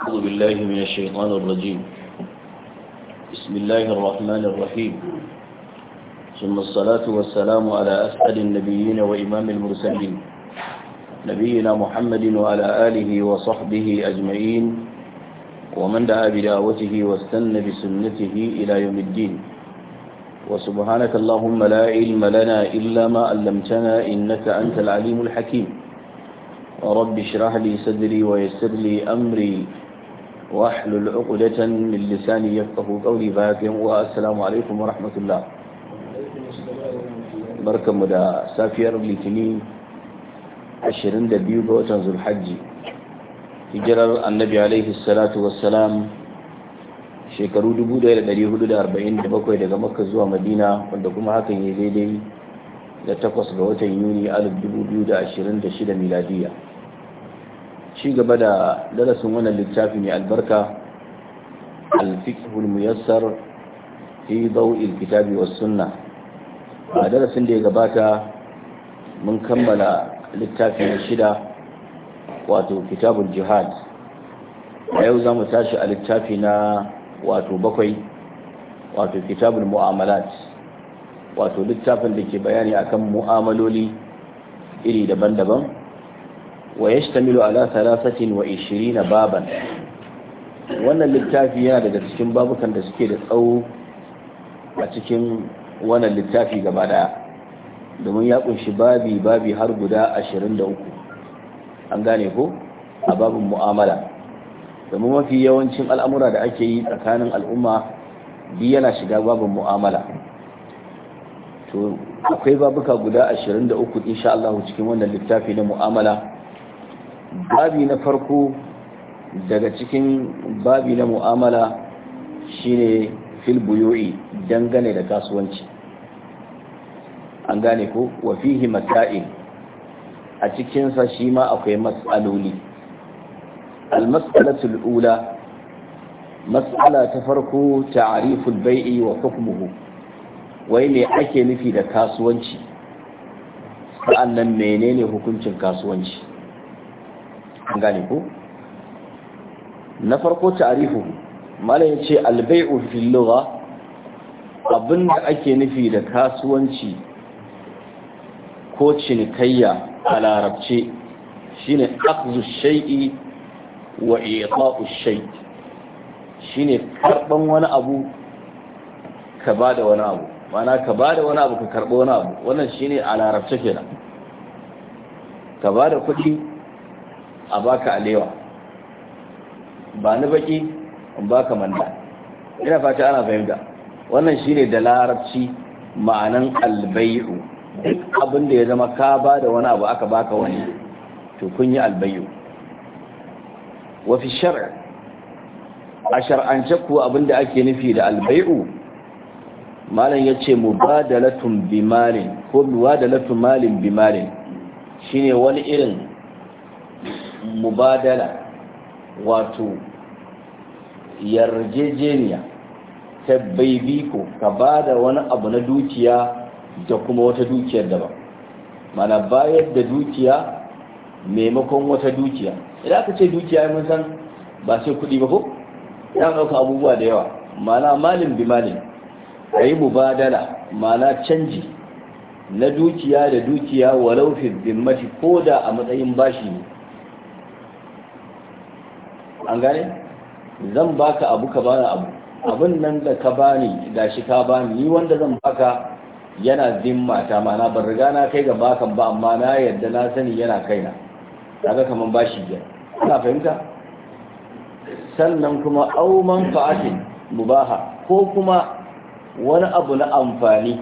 أعوذ بالله من الشيطان الرجيم بسم الله الرحمن الرحيم ثم الصلاة والسلام على أسعد النبيين وإمام المرسلين نبينا محمد وعلى آله وصحبه أجمعين ومن دعا بدعوته واستنى بسنته إلى يوم الدين وسبحانك اللهم لا علم لنا إلا ما علمتنا إنك أنت العليم الحكيم رب اشرح لي صدري ويسر لي أمري واحلل عقدة من لساني يفقه قولي باكم والسلام عليكم ورحمة الله بركة مدى سافير لتنين عشرين دبيو بوتن ذو الحج hijirar annabi alaihi salatu wassalam shekaru 1447 daga makka zuwa madina wanda kuma hakan ya daidai da takwas ga watan yuni 2026 miladiya ci gaba da darasin wannan littafi mai albarka alfikhul muyassar fi dawil kitabi was sunna a darasin da ya gabata mun kammala littafi na shida wato kitabul jihad a yau za mu tashi a littafi na wato bakwai wato kitabul mu'amalat wato littafin da ke bayani akan mu'amaloli iri daban-daban ويشتمل على ثلاثة وعشرين بابا wannan littafi yana daga cikin babukan da suke da tsawo a cikin wannan littafi gaba domin ya ƙunshi babi babi har guda 23 an gane ko a babin mu'amala domin mafi yawancin al'amura da ake yi tsakanin al'umma yana shiga babin to akwai babuka guda 23 insha Allah cikin wannan littafi na mu'amala babi na farko daga cikin babi na mu'amala shine fil dangane da kasuwanci an gane ko wa fihi masail a cikinsa shi ma akwai matsaloli. almasalatul ula mas'ala ta farko ta ta'riful bai'i wa hukmuhu wai me ake nufi da kasuwanci sa'annan menene hukuncin kasuwanci an gane ko na farko ta'arifu malam yace al-bay'u fil lugha abinda ake nufi da kasuwanci ko cinikayya a larabce shine akhdhu shay'i wa i'ta'u shay shine karban wani abu ka bada wani abu mana ka bada wani abu ka karbo wani abu wannan shine a larabce kenan ka bada kuɗi a baka alewa ba ni baki in baka manda ina fata ana fahimta wannan shine da larabci ma'anan albayu abin da ya zama ka ba da wani abu aka baka wani to kun yi albayu wa fi a shar'ance kuwa abin da ake nufi da albayu malam ya ce mu mubadalatun bimalin ko biwadalatun malin bimalin shine wani irin mubadala wato yarjejeniya ta baibiko ka ba da wani abu na dukiya da kuma wata dukiyar da ba mana bayar da dukiya maimakon wata dukiya idan aka ce dukiya mun san ba sai kuɗi ba ko ya ɗauka abubuwa da yawa mana malin bi malin a yi mubadala mana canji na dukiya da dukiya walau fi zimmati ko da a matsayin bashi ne an gane zan baka abu ka bani abu abin nan da ka bani shi ka bani ni wanda zan baka yana zimma ta mana ban riga na kai ga bakan ba amma na yadda na sani yana kaina kaga kaman bashi biyar kana fahimta sannan kuma au manfa'atin mubaha ko kuma wani abu na amfani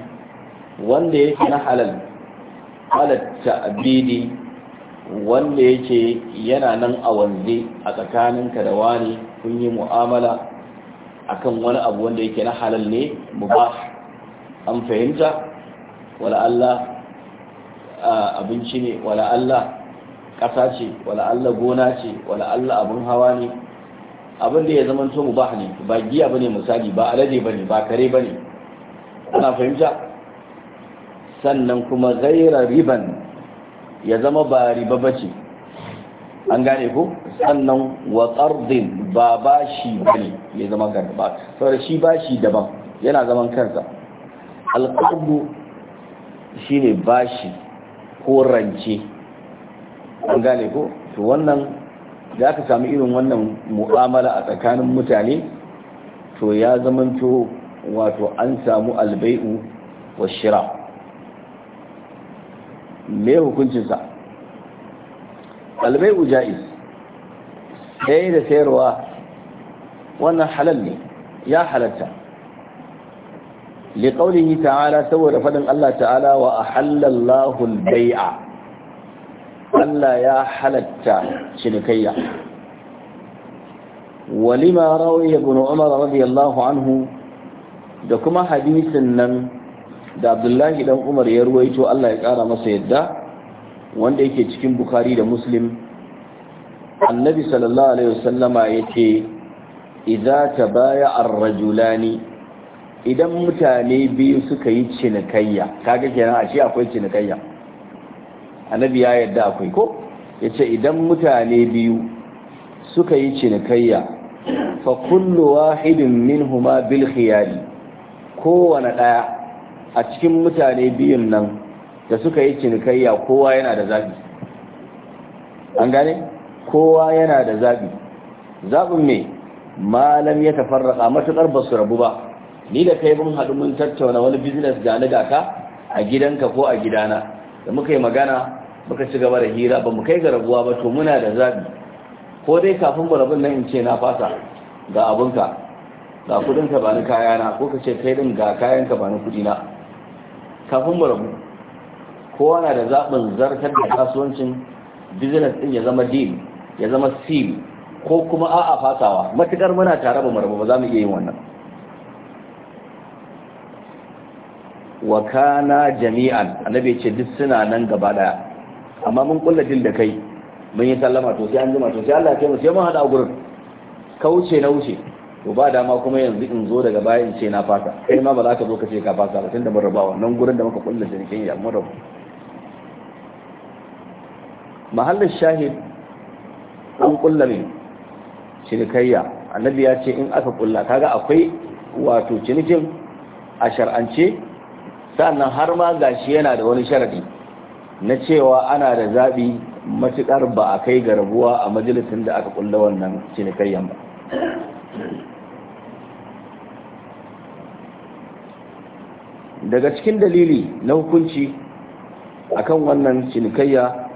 wanda yake na halal halar ta'abidi wanda yake yana nan a wanzu a tsakaninka da wani kun yi mu'amala akan wani abu wanda yake na halal ne mubah an fahimta wala Allah abinci ne wala Allah ƙasa ce wala Allah gona ce wala Allah abun hawa ne abin da ya zama to mubah ne ba giya bane misali ba alade bane ba kare bane ana fahimta sannan kuma gairar riban ya zama ba riba ce an gane ko sannan wa qardin ba bashi bane ya zama garba saboda shi bashi daban yana zaman kansa alqardu shine bashi ko rance an gane ko to wannan za ka samu irin wannan mu'amala a tsakanin mutane to ya to wato an samu albai'u wa shira me hukuncinsa albai uja'i sai da sayarwa wannan halal ne ya halatta liƙaunihi ta'ala saboda faɗin Allah ta'ala wa a halallahu bai'a Allah ya halatta cinikayya walima rawai ibn umar radiyallahu anhu da kuma hadisin nan da abdullahi dan umar ya ruwaito Allah ya kara masa yadda wanda yake cikin bukari da muslim annabi sallallahu alaihi wasallama yace idza tabaya ar-rajulani idan mutane biyu suka yi cinikayya kaga kenan a ce akwai cinikayya annabi ya yadda akwai ko yace idan mutane biyu suka yi cinikayya fa kullu wahidin minhuma bil khiyari kowane daya a cikin mutane biyun nan da suka yi cinikayya kowa yana da zabi an gane kowa yana da zabi zabin mai malam ya tafarraka matukar basu rabu ba ni da kai mun haɗu mun tattauna wani business ga da ka a gidanka ko a gidana da muka yi magana muka ci gaba da hira ba mu kai ga rabuwa ba to muna da zabi ko dai kafin mu rabin nan in ce na fasa ga abunka ga kudinka ba ni kayana ko ka ce kai din ga kayanka ba ni kudina kafin mu rabu kowa na da zaɓin zartar da kasuwancin business ɗin ya zama deal ya zama seal ko kuma a'a fasawa matukar muna tare ba mu rabu ba za mu iya yin wannan wa kana jami'an annabi ce duk suna nan gaba daya amma mun kulla dil da kai mun yi sallama to sai an jima to sai Allah ya kai mu sai mun hada gurin kauce na wuce to ba dama kuma yanzu in zo daga baya in ce na fasa kai ma ba za ka zo ka ce ka fasa ba tunda mun wannan gurin da muka kulla jirgin ya mun mahallin shahid an kulla ne cinikayya annabi ya ce in aka kulla kaga akwai wato cinikin a shar'ance sannan har ma gashi yana da wani sharadi na cewa ana da zaɓi matuƙar ba a kai ga rabuwa a majalisin da aka kulla wannan cinikayyan ba daga cikin dalili na hukunci akan wannan cinikayya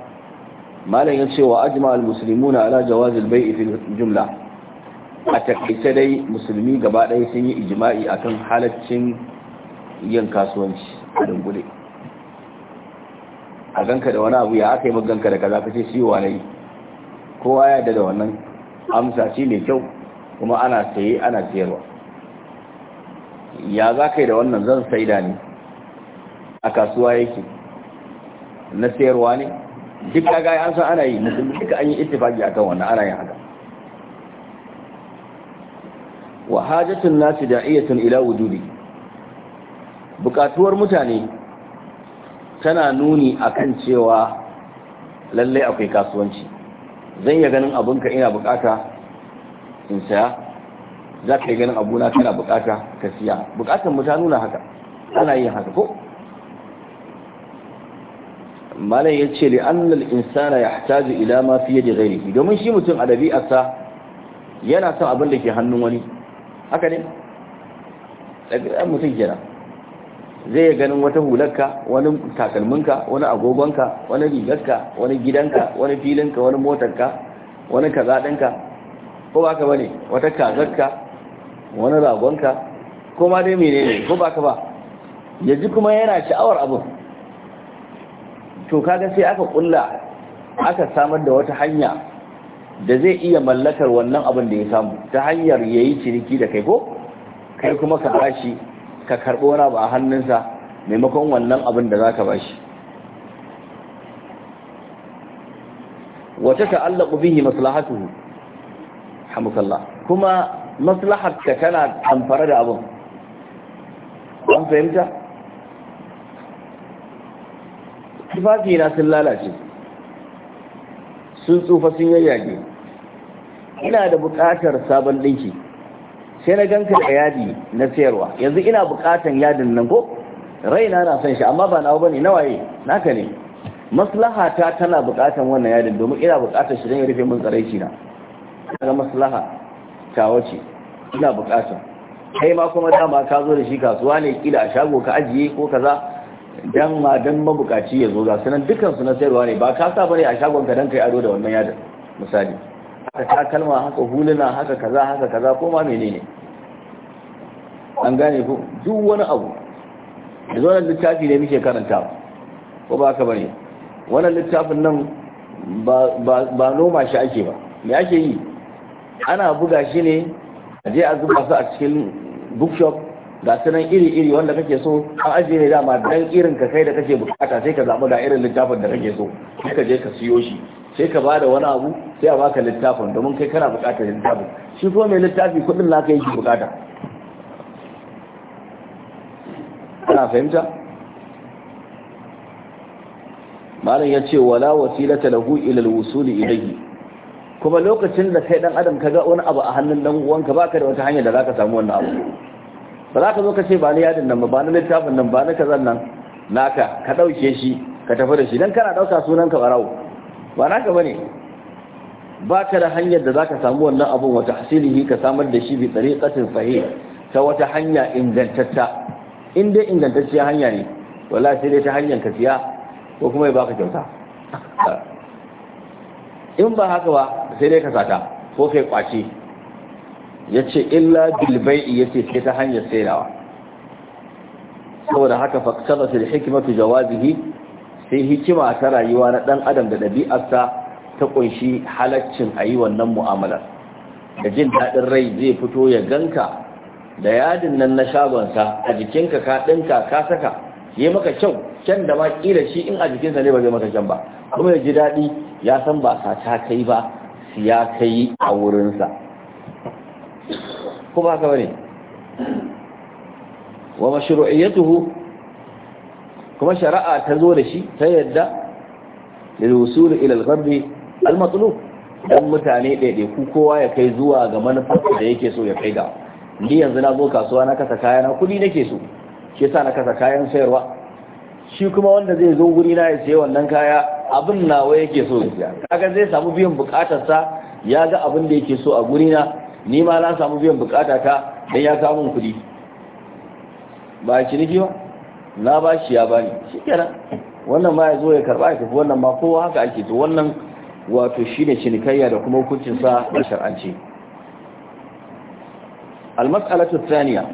malam ya ce wa ajma al na ala jawaz bai ifin jumla a takaice dai musulmi gaba ɗaya sun yi ijma'i akan halaccin yin kasuwanci a dangule a ganka da wani abu ya aka yi maganka da kaza ce siwa wa yi? kowa ya yarda da wannan amsa ce mai kyau kuma ana saye ana siyarwa ya za ka yi da wannan zan saida ne a kasuwa yake na sayarwa ne duk gaya an san ana yi musulmi duka an yi a kan wannan ana yin haka wa hajatun nasi iyatun ila wujudi bukatuwar mutane tana nuni akan cewa lallai akwai kasuwanci zan iya ganin abinka ina bukata in saya za ka yi ganin abuna kana bukata ka siya bukatan mu ta nuna haka ana yin haka ko malai ya ce li'annal insana hataji ila ma da zai rikki domin shi mutum a dabi'arsa yana son abin da ke hannun wani haka ne dabi'ar mutum kenan zai ganin wata hularka wani takalminka wani agogonka wani rigarka wani gidanka wani filinka wani motarka wani kazaɗinka ko ba ka bane wata kazarka wani ragonka ko ma dai ne ko ba ka ba ya ji kuma yana sha'awar abin to kaga sai aka kulla aka samar da wata hanya da zai iya mallakar wannan abin da ya samu ta hanyar ya yi ciniki da kai ko kai kuma ka bashi ka karɓo wani abu a hannunsa maimakon wannan abin da za ka bashi wata ta'allaku bihi maslahatuhu hamukallah kuma maslahar ta tana amfara da abun an fahimta tufafi na sun lalace sun tsufa sun yayyage ina da buƙatar sabon ɗinki sai na ganka da yadi na sayarwa yanzu ina buƙatar yadin nan ko raina na son shi amma ba na bane na waye naka ne maslahata tana buƙatar wannan yadin domin ina buƙatar shi don ya rufe mun tsaraici na ga maslaha tawa ce ina bukata kai ma kuma dama ka zo da shi kasuwa ne kila a shago ka ajiye ko kaza dan ma dan mabukaci ya zo ga sanan dukan su na sayarwa ne ba ka sa bane a shagon ka dan kai ado da wannan yadin misali haka kalma haka huluna haka kaza haka kaza ko ma menene an gane ku duk wani abu da wannan littafi ne muke karanta ko ba ka bane wannan littafin nan ba ba noma shi ake ba me ake yi ana buga shi ne a je a zuba su a cikin bookshop ga sunan iri-iri wanda kake so an ajiye ne dama dan irin ka kai da kake bukata sai ka zaɓi da irin littafin da kake so sai ka je ka siyo shi sai ka bada wani abu sai a baka littafin domin kai kana bukatar littafin shi kuma mai littafi kudin na kai shi bukata ana fahimta malam ya ce wala wasilata talahu ilal wusuli ilayhi kuma lokacin da kai dan adam kaga wani abu a hannun dan uwanka baka da wata hanya da zaka samu wannan abu ba za ka zo ka ce ba ni yadin nan ba ba ni littafin nan ba ni kazan nan naka ka dauke shi ka tafi da shi dan kana dauka sunan ka barawo ba naka bane baka da hanyar da zaka samu wannan abun wa tahsilihi ka samar da shi bi tariqatin sahih ta wata hanya ingantatta in dai ingantacce hanya ne wallahi sai dai ta hanyar ka siya ko kuma ya baka kyauta in ba haka ba sai dai ka sata ko kai kwace ya ce illa bilbai ya ce sai ta hanyar saidawa saboda haka faktaba sai da fi jawazihi sai hikima ta rayuwa na ɗan adam da ɗabi'arsa ta kunshi halaccin a yi wannan mu'amalar da jin daɗin rai zai fito ya ganka da yadin nan na shagonsa a jikinka ka ɗinka ka saka yi maka kyau kyan da ma ƙila shi in a jikinsa ne ba zai maka kyan ba kuma ya ji daɗi ya san ba ta kai ba siya kai a wurinsa kuma haka bane wa mashru'iyyatuhu kuma shari'a ta zo da shi ta yadda lil wusul ila al ghadbi al-matlub dan mutane daidai ku kowa ya kai zuwa ga manufar da yake so ya kai ga ni yanzu na zo kasuwa na kasa kaya na kudi nake so shi yasa na kasa kayan sayarwa shi kuma wanda zai zo guri na ya sayi wannan kaya abin nawa yake so ya kaga zai samu biyan bukatarsa ya ga abin da yake so a gurina ni ma na samu biyan ta dan ya kawo min kuɗi ba ne ba na ba shi ya bani shikenan wannan ma ya zo ya karba ya tafi wannan ma kowa haka ake to wannan wato shine cinikayya da kuma hukuncin sa a shar'anci al-mas'alatu thaniya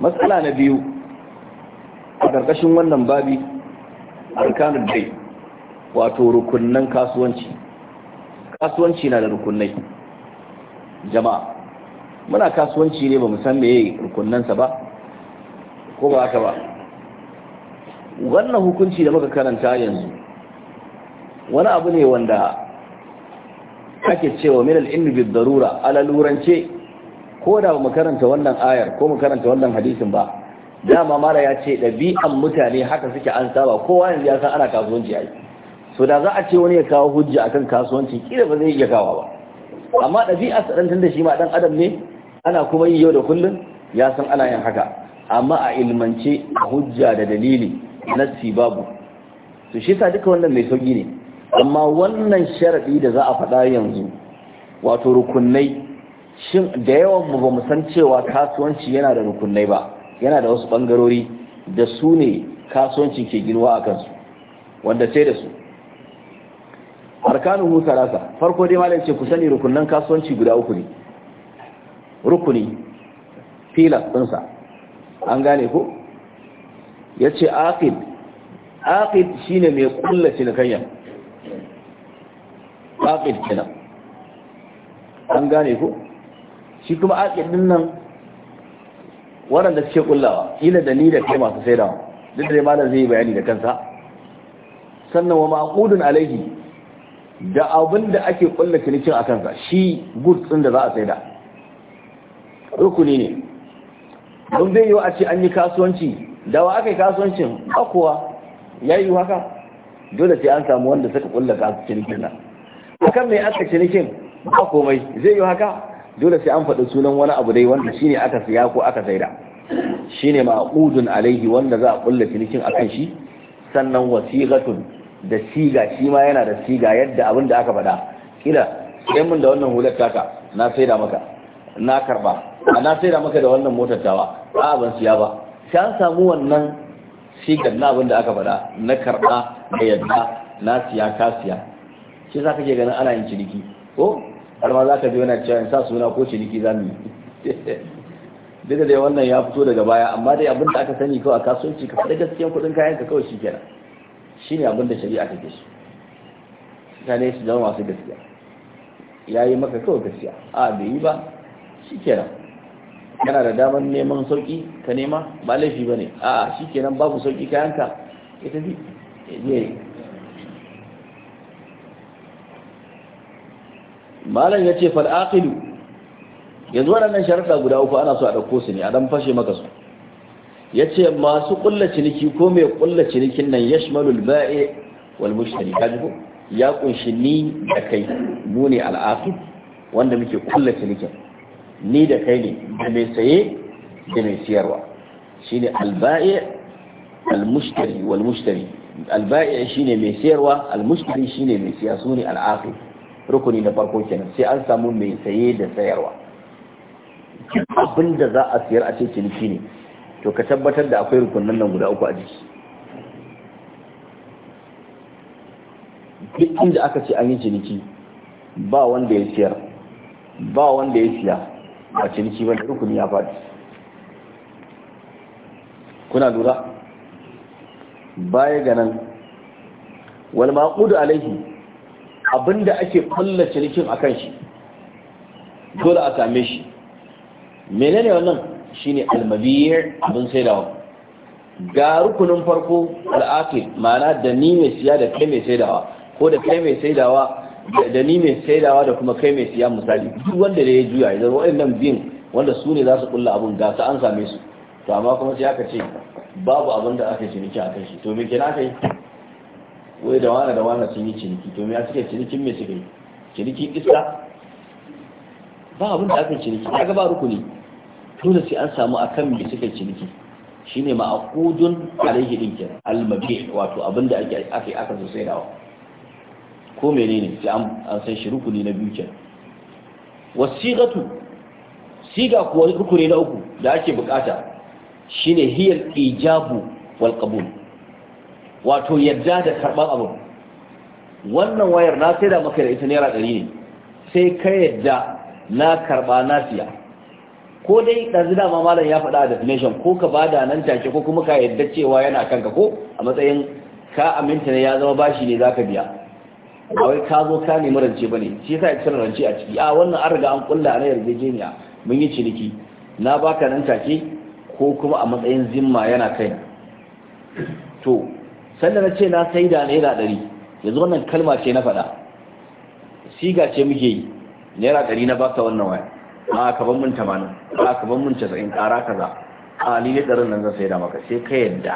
mas'ala na biyu a ƙarƙashin wannan babi arkanul bai wato rukunnan kasuwanci kasuwanci na da rukunnai jama'a muna kasuwanci ne ba mu san meye rukunnansa ba ko ba haka ba wannan hukunci da muka karanta yanzu wani abu ne wanda ake cewa min al darura ala ko da mu karanta wannan ayar ko mu karanta wannan hadisin ba dama mara ya ce ɗabi'an mutane haka suke an saba kowa yanzu ya san ana kasuwanci ai so da za a ce wani ya kawo hujja akan kasuwanci kira ba zai iya kawo ba amma ɗabi'a sa da shi ma dan adam ne ana kuma yi yau da kullum ya san ana yin haka amma a ilmance hujja da dalili na babu to shi sa duka wannan mai sauki ne amma wannan sharaɗi da za a faɗa yanzu wato rukunai shin da yawan mu ba mu san cewa kasuwanci yana da rukunai ba yana da wasu bangarori da su ne kasuwancin ke ginuwa a kansu wanda sai da su arkanuhu rasa farko dai malam ce ku sani rukunan kasuwanci guda uku ne rukuni filas ɗinsa an gane ko ya ce aqid aqid ne mai kulla cinikayya aqid kenan an gane ko shi kuma aqid din nan waɗanda suke kullawa ila da ni da kai masu wa, duk da malam zai yi bayani da kansa sannan wa maqudun alaihi da abin da ake kulla cinikin a kansa shi goods din da za a saida rukuni ne don bai wa a ce an yi kasuwanci da wa aka yi kasuwancin akuwa ya yi haka dole sai an samu wanda suka kulla cinikin nan akan mai aka cinikin ba komai zai yi haka dole sai an faɗi sunan wani abu dai wanda shine aka siya ko aka saida shine ma'udun alaihi wanda za a kulla cinikin akan shi sannan wasiqatun da siga shi ma yana da siga yadda abin da aka faɗa kila sai mun da wannan hular taka na saida maka na karba a na saida maka da wannan motar tawa a ban siya ba sai an samu wannan sigar na abin da aka faɗa na karba da yadda na siya ka siya shi za ka ganin ana yin ciniki ko har ma za ka ji yana cewa in sa suna ko ciniki za mu yi duk dai wannan ya fito daga baya amma dai abinda aka sani kawai a kasuwanci ka faɗi gaskiyan kuɗin kayan ka kawai shi kenan shine abin da shari'a take shi mutane su zama masu gaskiya ya yi maka kawai gaskiya a bai yi ba shi kenan kana da damar neman sauki ka nema ba laifi ba ne a shi kenan babu sauki kayanka ita bi malam ya ce fal'aƙilu yanzu waɗannan sharaɗa guda uku ana so a ɗauko su ne a ɗan fashe maka su ya ce masu ƙulla ciniki ko mai ƙulla cinikin nan ya shimalul ba'i wal mushtari ka jiko ya ƙunshi ni da kai mu ne al'aƙil wanda muke ƙulla cinikin ni da kai ne da mai saye da mai siyarwa shi ne alba'i al mushtari wal mushtari alba'i shi ne mai siyarwa al mushtari shi ne mai siya su ne al'aƙil rukuni na farko kenan sai an samu mai saye da sayarwa abin da za a siyar a ce ciniki ne to ka tabbatar da akwai rukunin nan guda uku a jiki duk inda aka ce an yi ciniki ba wanda ya siyar ba wanda ya siya a ciniki ba rukuni ya faɗi kuna lura baya ga nan wal maqudu alaihi da ake kulla cinikin a kan shi dole a same shi menene wannan shine almabiyar abin saidawa ga rukunin farko al'akil ma'ana da ni mai siya da kai mai saidawa ko da kai mai saidawa da ni mai saidawa da kuma kai mai siya misali duk wanda da ya juya ya zama nan biyun wanda su ne za su kulla abin ga su an same su to amma kuma sai aka ce babu abin da aka ciniki a kan shi to me kenan na kai. wai da wane da wane sun yi ciniki to ya suke cinikin me suke ciniki iska ba abin da aka ciniki ya ga ba rukuni dole sai an samu akan me suke ciniki shine ma'aqudun alaihi din kenan al wato abin da ake aka aka so sai dawo ko menene sai an an san shi rukuni na biyu kenan wasiqatu siga kuwa rukuni na uku da ake bukata shine hiyal ijabu wal qabul wato yadda da karɓar abu wannan wayar na sai da maka da ita naira ɗari ne sai ka yadda na karɓa na siya ko dai ɗazu dama malam ya faɗa a definition ko ka ba da nan take ko kuma ka yadda cewa yana kanka ko a matsayin ka aminta ne ya zama bashi ne za ka biya a wai ka zo ka nemi rance ba ne shi yasa ita cire rance a ciki a wannan an riga an kulla na yarjejeniya mun yi ciniki na baka nan take ko kuma a matsayin zimma yana kai to sanda na ce na sai da naira ɗari yanzu wannan kalma ce na faɗa siga ce muke yi naira ɗari na baka wannan waya a kaban mun tamanin a kaban mun casa'in ƙara za a ni ne ɗarin nan zan sai da maka sai ka yadda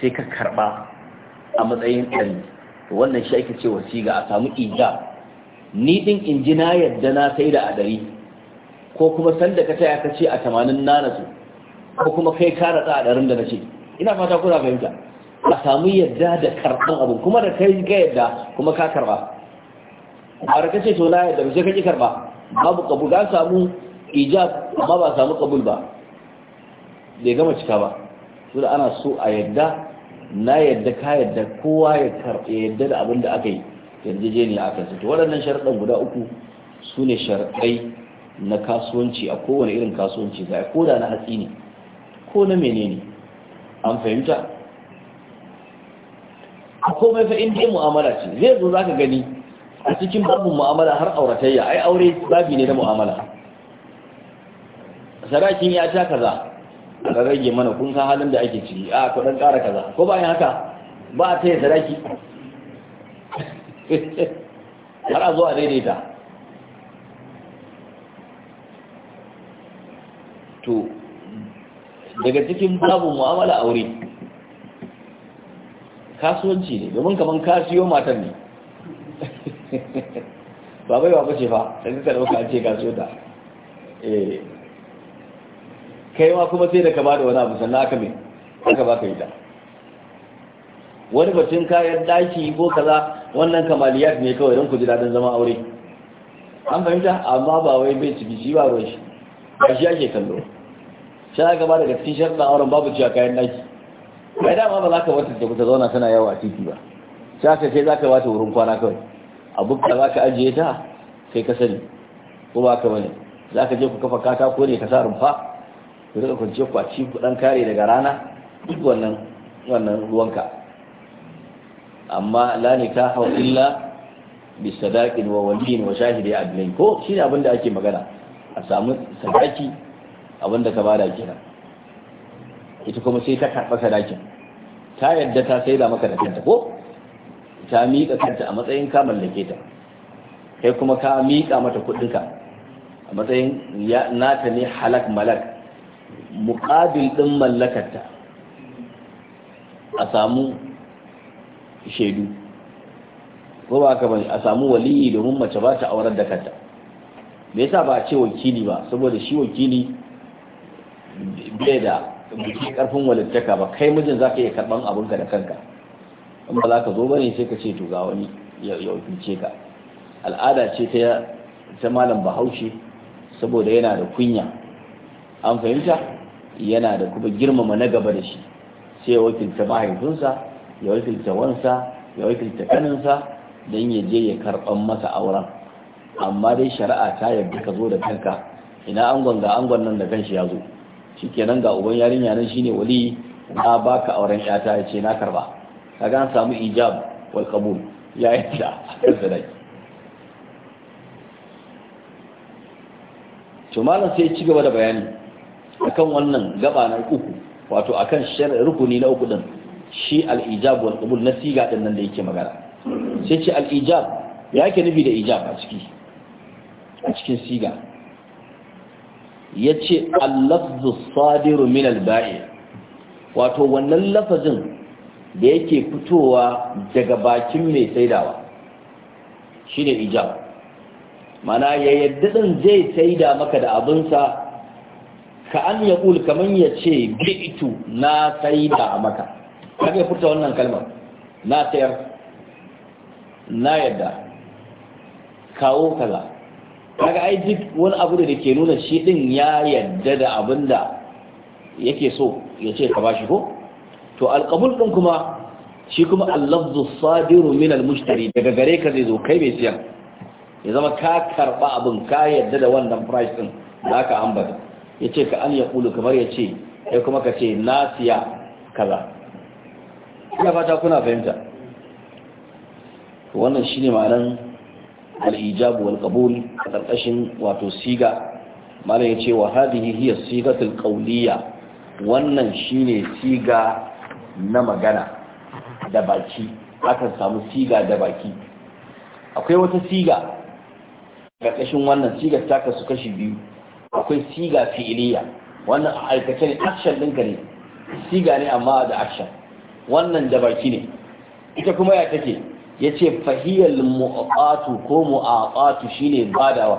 sai ka karɓa a matsayin ɗari wannan shi ake cewa siga a samu ija ni ɗin in ji na yadda na sai da a ɗari ko kuma sanda ka taya ka ce a tamanin na ko kuma kai ka ratsa a ɗarin da na ce ina fata kuna fahimta a samu yadda da karɓar abu kuma da kai ka yadda kuma ka karɓa a raka ce to na yadda bishe kaki ka ki karɓa babu kabul za samu ijab amma ba samu kabul ba bai gama cika ba su da ana so a yadda na yadda ka yadda kowa ya karɓa yadda da abin da aka yi ne a kansa to waɗannan sharaɗan guda uku su ne sharaɗai na kasuwanci a kowane irin kasuwanci ga ya ko da na hatsi ne ko na menene an fahimta a komai fa inda mu'amala ce zai zo za ka gani a cikin babin mu'amala har auratayya ai aure babi ne na mu'amala sarakin ya ta kaza a rage mana kun san halin da ake ciki a kudan ƙara kaza ko ba yin haka ba a taya saraki har a zo a daidaita to daga cikin babin mu'amala aure kasuwanci ne domin kaman kasuwa matan ne ba bai ba ce fa sai ka dauka an ce kasuwa ta eh kai ma kuma sai da ka bada wani abu sannan aka mai aka baka ita wani batun kayan daki ko kaza wannan kamaliyat ne kawai don ku ji dadin zama aure an fahimta amma ba wai bai ciki shi ba ruwan shi ba shi ake kallo shi aka ba daga cikin sharɗin auren babu cewa kayan daki bai dama ba za ka wata ta zauna tana yawa a titi ba sai aka sai za ka wata wurin kwana kawai bukka za ka ajiye ta sai ka sani ko ba ka bane za ka je ku kafa katako ne ka sa rumfa ku rika kwance a ku dan kare daga rana duk wannan wannan ruwanka amma la hau illa bi sadaqin wa waliyin wa shahidi adlain ko shine abin da ake magana a samu sadaki abinda da ka bada kenan ita kuma sai ta karɓa sadakin ta yadda ta saida maka da kanta ko ta miƙa kanta a matsayin ka mallake ta kai kuma ka miƙa mata kuɗinka a matsayin ya nata ne halak malak muƙabil ɗin mallakarta a samu shaidu ko ba ka bane a samu waliyi domin mace ba ta aurar da kanta me yasa ba a ce wakili ba saboda shi wakili bai da biki karfin walittaka ba kai mijin za ka iya karban ka da kanka in ba za ka zo ba ne sai ka ce to ga wani ya wakilce ka al'ada ce ta ta malam bahaushe saboda yana da kunya an fahimta yana da kuma girmama na gaba da shi sai ya wakilta mahaifinsa ya wakilta wansa ya wakilta kaninsa don ya je ya karban masa auren amma dai shari'a ta yadda ka zo da kanka ina angon ga angon nan da kanshi ya zo shikenan ga uban yarinya nan shine wali na baka auren yata ya ce na karba kaga an samu ijab wal qabul ya yi ta sadaki to malam sai ci gaba da bayani akan wannan gaba na uku wato akan rukuni na uku din shi al-ijab wal qabul na siga din nan da yake magana sai ce al-ijab ya yake nufi da ijab a ciki a cikin siga ya ce allafzu sadiru min alba'i wato wannan lafazin da yake fitowa daga bakin mai saidawa shi ne ijab mana ya yadda ɗin zai saida maka da abinsa ka an ya ƙul kamar ya ce bitu na saida maka kan ya furta wannan kalmar na sayar na yadda kawo kaza kaga ai duk wani abu da ke nuna shi din ya yadda da abin da yake so ya ce ka bashi ko to alqabul din kuma shi kuma al-lafzu sadiru min al-mushtari daga gare ka zai zo kai mai siyan ya zama ka karba abin ka yadda da wannan price din zaka aka ambata yace ka an yaqulu kamar yace kai kuma ka ce na siya kaza ina fata kuna fahimta wannan shine ma'anar Al'ijabu, ijab wal qabul wato siga malam ce wa hadhihi hiya sigatul qawliya wannan shine siga na magana da baki akan samu siga da baki akwai wata siga Ƙarƙashin wannan sigar ta kasu kashi biyu akwai siga fi'iliya wannan a aikace ne action ɗinka ne siga ne amma da action wannan da baki ne ita kuma ya take ya ce fahiyar mu'aqatu ko mu'aqatu shine badawa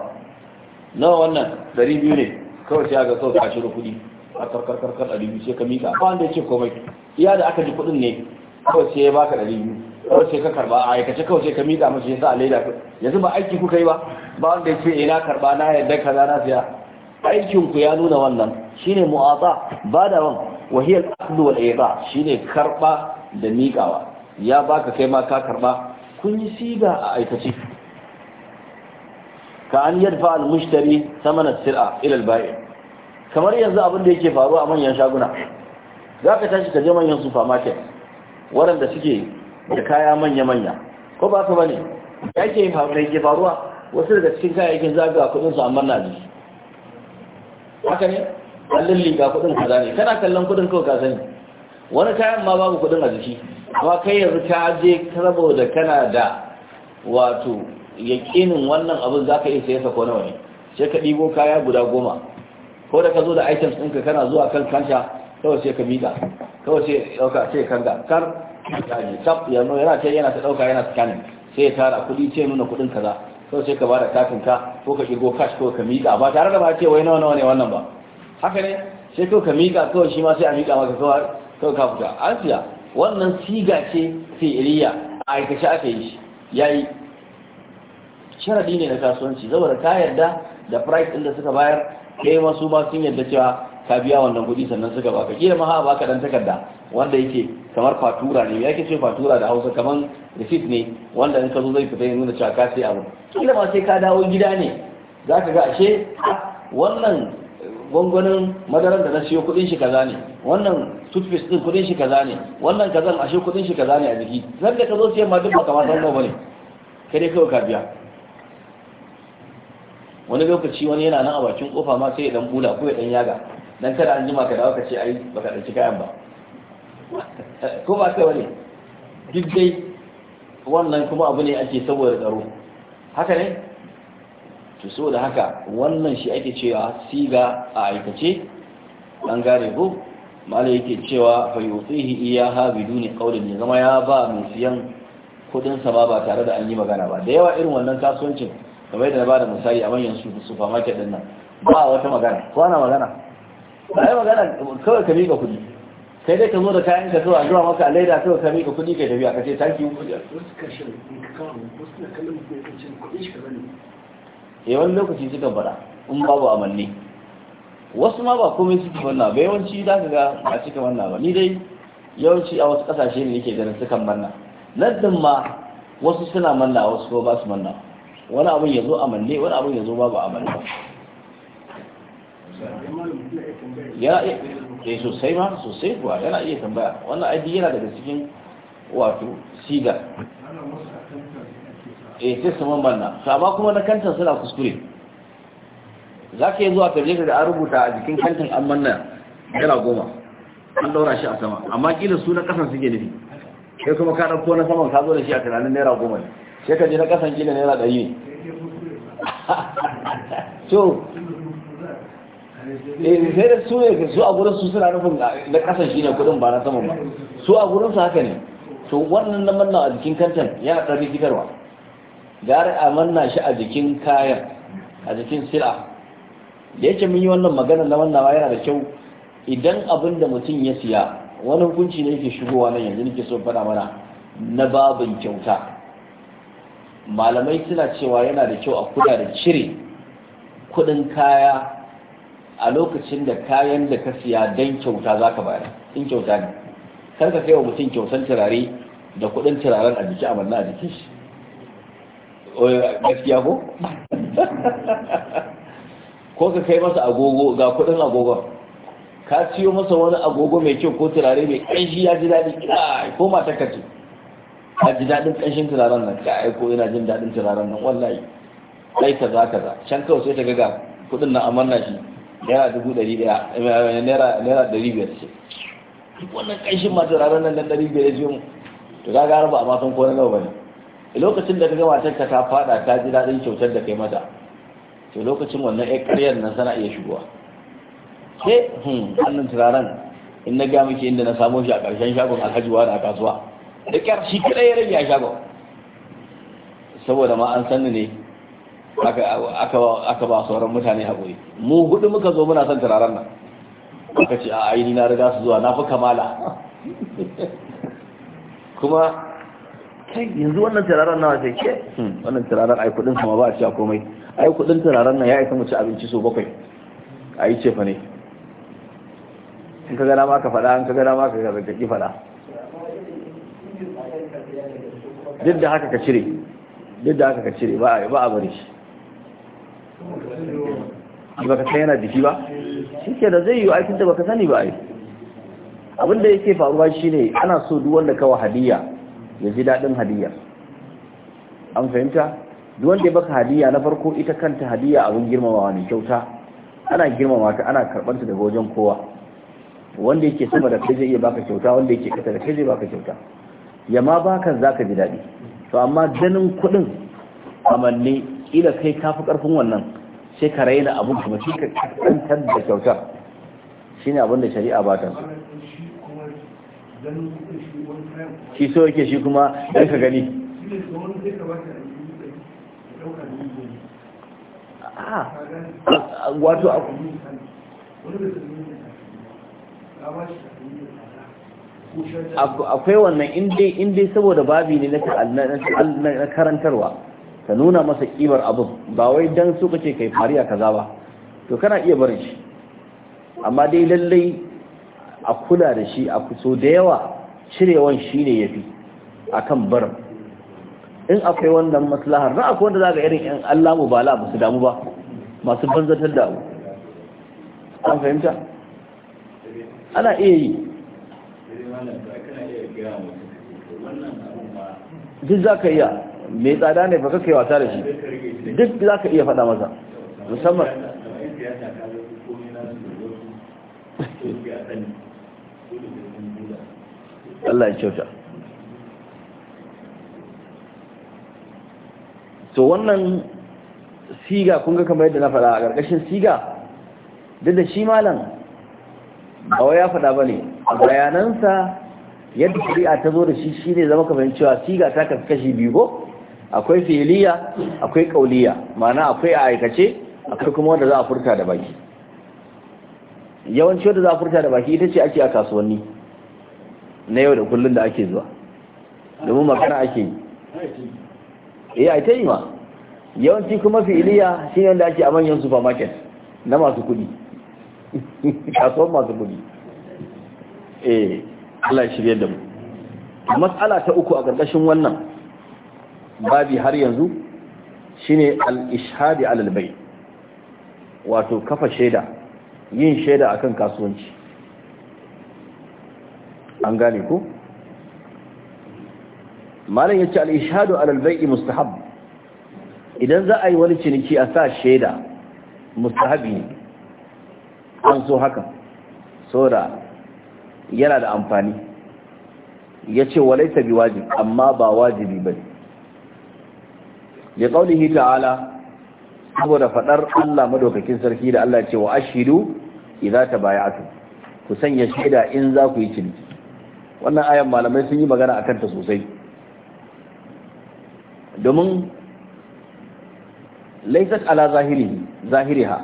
nawa wannan dari biyu ne kawai sai ga sau kashi kuɗi a karkarkarkar dari biyu sai ka mika ba wanda ya ce komai iya da aka ji kuɗin ne kawai sai ya baka dari biyu kawai sai ka karba a aikace kawai sai ka mika mace yasa a ku yanzu ba aiki kuka yi ba ba wanda ya ce ina eh, karba na yadda kaza na siya aikin ku ya nuna wannan shine mu'ata badawan wahiyar akhdhu wal shi shine karba da mikawa ya baka kai ma ka karba kun yi siga a aikace ka an yadda fa’al mushtari mana sir'a ilal ba'i kamar yanzu abin da yake faruwa a manyan shaguna za ka tashi ka je manyan supermarket waɗanda suke da kaya manya-manya ko ba ka bane yake yake faruwa wasu daga cikin kayayyakin zaga kudin su amma na ji haka ne allin liga kudin kaza ne kana kallon kudin kawai ka wani kayan ma babu kudin a jiki amma kai yanzu ka je da kana da wato yakinin wannan abin za ka iya saye sako nawa ne sai ka ɗigo kaya guda goma ko da ka zo da items ɗinka kana zuwa kan kanta kawai sai ka miƙa kawai sai ɗauka sai kanga kar yaji tap yanzu yana ta yana ta ɗauka yana scanning sai ya tara kuɗi ce nuna kuɗin kaza kawai sai ka ba da katin ka ko ka shigo cash ko ka miƙa ba tare da ba ce wai nawa nawa ne wannan ba haka ne sai kawai ka miƙa kawai shi ma sai a miƙa maka kawai ka fita an siya wannan siga ce fi'iliya a aikace aka yi shi yayi Sharaɗi ne na kasuwanci saboda ka yarda da price ɗin da suka bayar kai masu su sun yarda cewa ka biya wannan kuɗi sannan suka baka kira ma ha ka dan takarda wanda yake kamar fatura ne yake ce fatura da Hausa kamar receipt ne wanda in ka zo zai fita ya nuna cewa ka sai abu kila ma sai ka dawo gida ne zaka ga ashe wannan gwangwanin madaran da na siyo kudin shi kaza ne wannan toothpaste din kudin shi kaza ne wannan kazan ashe kudin shi kaza ne a jiki zan da ka zo siyan ma duk ba kamar san ba ne kai dai kawai ka biya wani lokaci wani yana nan a bakin kofa ma sai ya dan bula ko ya dan yaga dan kada an jima ka dawo ka ce ai baka dace kayan ba ko ba sai wani duk dai wannan kuma abu ne ake saboda tsaro haka ne to so da haka wannan shi ake cewa siga a aikace an gane ku. malai yake cewa fa yutihi iyaha biduni qawlin ya zama ya ba mai siyan kudin sa ba tare da an yi magana ba da yawa irin wannan kasuwancin kamar yadda na bada misali a manyan supermarket din nan ba wata magana ko ana magana ba ai magana kawai ka miƙa kudi kai dai ka zo da kayan ka zuwa zuwa maka alaida sai ka miƙa kudi kai tafiya ka ce taki wasu kashin ka kawo ko suna kallon mutum ya kacin kudin shi ka zane eh wani lokaci suka fada in babu amalli wasu ma ba komai suke wannan ba yawanci za ka ga ba cika wannan ba ni dai yawanci a wasu kasashe ne yake ganin sukan manna lardin ma wasu suna manna wasu ko ba su manna wani abin ya zo amalli wani abin ya zo babu amalli manne yana iya eh, sosai ma sosai kuwa yana iya tambaya wannan aidi yana daga cikin wato siga eh sai su banna. to amma kuma na kantan suna kuskure za ka yi zuwa ka je da an rubuta a jikin kantan an manna dala goma an daura shi a sama amma kila su na kasan suke nufi sai kuma ka ɗauko na saman ka zo da shi a tunanin naira goma ne sai ka je na kasan kila naira ɗari ne to eh sai da su ne su a gurin su suna nufin na kasan shi ne kudin ba na saman ba su a gurin su haka ne to wannan na manna a jikin kantin yana ɗari fitarwa gari a manna shi a jikin kayan a jikin sila da yake mun yi wannan magana na wannan yana da kyau idan abin da mutum ya siya wani hukunci ne yake shigowa nan yanzu nake so faɗa mana na babin kyauta malamai suna cewa yana da kyau a kula da cire kuɗin kaya a lokacin da kayan da ka siya don kyauta za ka bayar in kyauta ne kar ka kai wa mutum kyautan turare da kuɗin turaren a jiki a manna a jikin shi Eh, gaskiya ko ko ka kai masa agogo ga kudin agogon ka siyo masa wani agogo mai kyau ko turare mai ƙanshi ya ji daɗi kai ko mata ka ce ka ji daɗin ƙanshin turaren nan ka aiko ina jin daɗin turaren nan wallahi kai ta za ka za can kawai sai ta ga ga kudin na amanna shi naira dubu ɗari ɗaya eh, eh, naira ɗari biyar ce wannan ƙanshin ma turaren nan ɗari biyar ya ce mu to ka gara ba a ma ko na gaba ne lokacin da kaga matar ta fada ta ji dadin kyautar da kai mata to lokacin wannan ƴar ƙaryar nan sana iya shigowa ke hmm annan turaren in na ga miki inda na samo shi a ƙarshen shagon alhaji wani a kasuwa da ƙyar shi kaɗai ya rage a shagon saboda ma an sanni ne aka ba sauran mutane haƙuri mu hudu muka zo muna son turaren nan aka ce a ni na riga su zuwa na fi kamala kuma yanzu wannan turaren nawa zai ke hmm. wannan turaren ai kudin kuma ba a cewa komai ai kudin turaren nan ya isa mu ci abinci so bakwai a yi cefa ne in ka gana ma ka faɗa in ka gana ma ka gaggaki faɗa duk da haka ka cire duk da haka ka cire ba a bari shi ba ka san yana jiki ba shi ke da zai yi aikin da baka sani ba yi abinda yake faruwa shine ana so duk wanda Hadiyya. ya ji daɗin hadiyya. an fahimta duwanda ya baka hadiyya na farko ita kanta hadiya abin girmamawa ne kyauta ana girmama ta ana karɓar ta daga wajen kowa wanda yake sama da kai zai iya baka kyauta wanda yake kasa da kai zai baka kyauta ya ma baka zaka ji daɗi to amma ganin kuɗin amanni ila kai ka fi ƙarfin wannan sai ka raina abun kuma shi ka kantar da kyautar shine abin da shari'a ba ta shi so yake shi kuma dan ka gani akwai wannan in dai saboda babi ne na karantarwa ka nuna masa kimar abu ba wai don so kace kai fariya kaza ba to kana iya barin shi amma dai lallai a kula da shi a kuso da yawa cirewan shi ne ya fi a kan barin. in akwai wannan maslahar na akwai wanda za ga irin yan Allah mu bala ba su damu ba masu banzatar da abu an fahimta ana iya yi duk za ka iya mai tsada ne ba kai wata da shi duk za ka iya faɗa masa musamman Allah ya kyauta to wannan siga kun ga kamar yadda na faɗa a ƙarƙashin siga duk da shi malam ba wai ya faɗa ba ne a bayanansa yadda shari'a ta zo da shi ne zama kamar cewa siga ta kasu kashi biyu ko akwai filiya akwai ƙauliya mana akwai a aikace akwai kuma wanda za a furta da baki yawanci wadda za a furta da baki ita ce ake a kasuwanni na yau da kullum da ake zuwa domin magana ake yi E, ai ta yi ma yawanci kuma iliya shi ne wanda ake a manyan supermarket na masu kudi kasuwan masu kudi eh Allah ya shirye da mu mas'ala ta uku a ƙarƙashin wannan babi har yanzu shine al-ishhadi Al-Albai wato kafa shaida yin shaida a kan kasuwanci an gane ku malam ya ce alishadu a al mustahab idan za a yi wani ciniki a sa shaida mustahabi ne an so haka da yana da amfani yace walaita bi wajib amma ba wajibi ba ne. ya ƙaunin hita ala, saboda faɗar Allah madaukakin sarki da Allah ce wa ashidu idza tabaya'tu ku sanya shaida in za ku yi ciniki wannan ayan malamai sun yi magana akan ta sosai domin laysat ala zahirihi zahiriha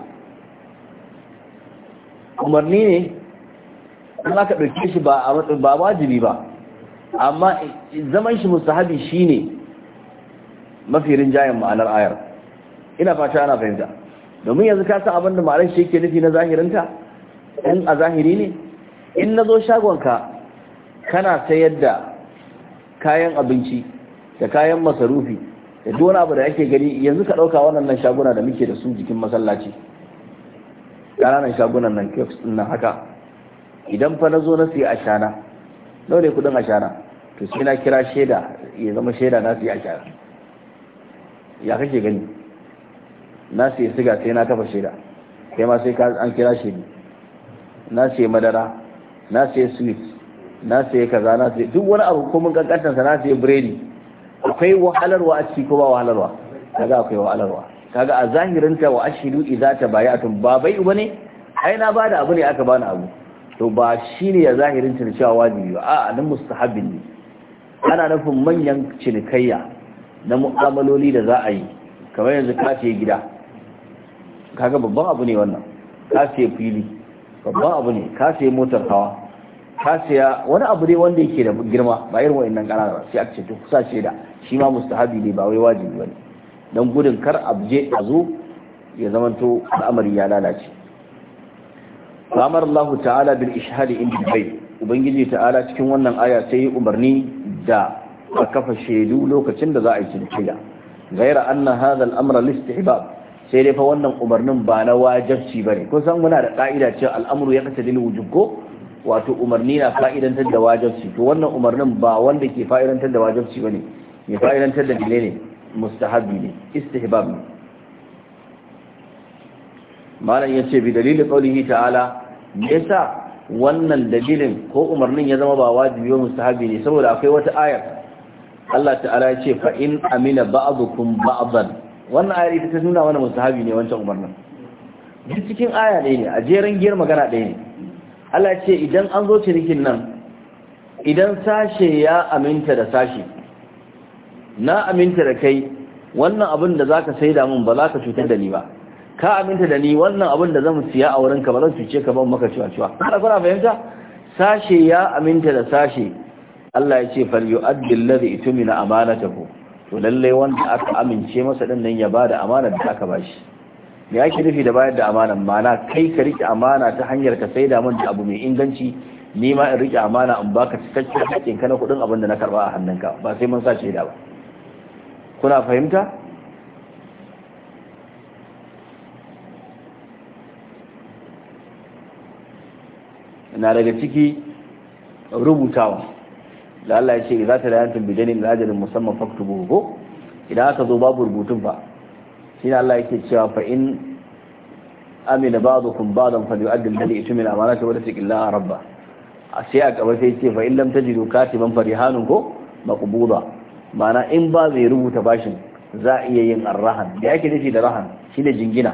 umarni ne an aka ɗauke shi ba a matsayin ba wajibi ba amma zaman shi musahabi shine mafi rinjayen ma'anar ayar ina fata ana fahimta domin yanzu ka san abin da ma'anar shi yake nufi na zahirinta in a zahiri ne in na zo shagonka kana sayar da kayan abinci da kayan masarufi da duk abu da ake gani yanzu ka ɗauka wannan shaguna da muke da su jikin masallaci ƙananan shagunan nan ke na haka idan fa na zo na siya ashana nawa ne kuɗin ashana to sai na kira shaida ya zama shaida na siya ashana ya kake gani na siya siga sai na kafa shaida kai ma sai an kira ne. na sai madara na sai sweet na sai kaza na sai duk wani abu ko mun kankantar sa na sai biredi akwai wahalarwa a ciki ko ba wahalarwa kaga akwai wahalarwa kaga a zahirinta wa ashidu idza tabayatun ba bai bane ai na bada abu ne aka bani abu to ba shine ya zahirin ta cewa wajibi ba a'a nan mustahabbin ne ana nufin manyan cinikayya na mu'amaloli da za a yi kamar yanzu ka gida kaga babban abu ne wannan ka fili babban abu ne ka sayi motar hawa ka saya wani abu ne wanda yake da girma ba irin wa'annan ƙanana ba sai a ce to kusa shaida shi ma mustahabi ne ba wai wajibi bane dan gudun kar abje a zo ya zamanto al'amari ya lalace Ramar Allah ta'ala bil ishhadi inda bai ubangiji ta'ala cikin wannan aya sai ya umarni da a kafa shaidu lokacin da za a yi cinikayya gaira anna hadha al-amra listihbab sai dai fa wannan umarnin ba na wajabci bane kun san muna da ka'ida cewa al'amuru ya kace lil wujub ko wato umarni na fa'idantar da wajabci to wannan umarnin ba wanda ke fa'idantar da wajabci bane mai fa'idantar da dole ne mustahabi ne istihbab ne malam yace bi dalilin qaulihi ta'ala me yasa wannan dalilin ko umarnin ya zama ba wajibi ba mustahabi ne saboda akwai wata ayar Allah ta'ala ya ce fa in amina ba'dukum ba'dan wannan ayar ita ta nuna mana musahabi ne wancan umarnin duk cikin aya ɗaya ne a jerin giyar magana ɗaya ne Allah ce idan an zo cinikin nan idan sashe ya aminta da sashe na aminta da kai wannan abin da za sai da min ba za ka cutar da ni ba ka aminta da ni wannan abin da zan siya a wurinka ba zan cuce ka ba maka cewa cewa kana kuna fahimta sashe ya aminta da sashe Allah ya ce fal yu'addi alladhi itumina amanatahu to lalle wanda aka amince masa din nan ya bada amana da aka bashi me ake nufi da bayar da amana mana kai ka rike amana ta hanyar ka saida min abu mai inganci ni ma in rike amana in baka cikakken hakkin ka na kudin abin da na karba a hannunka ba sai mun sace da ba kuna fahimta na daga ciki rubutawa da Allah ya ce idza tadayantum bi dainin ajalin musamman faktubuhu ko idan aka zo babu rubutun ba shine Allah yake cewa fa in amina ba'dukum ba'dan falyu'addi alladhi itumina amanata wa a rabba sai a gaba sai ce fa in lam tajidu katiban farihanun ko maqbuda mana in ba zai rubuta bashin za a iya yin arrahan da yake nufi da rahan ne jingina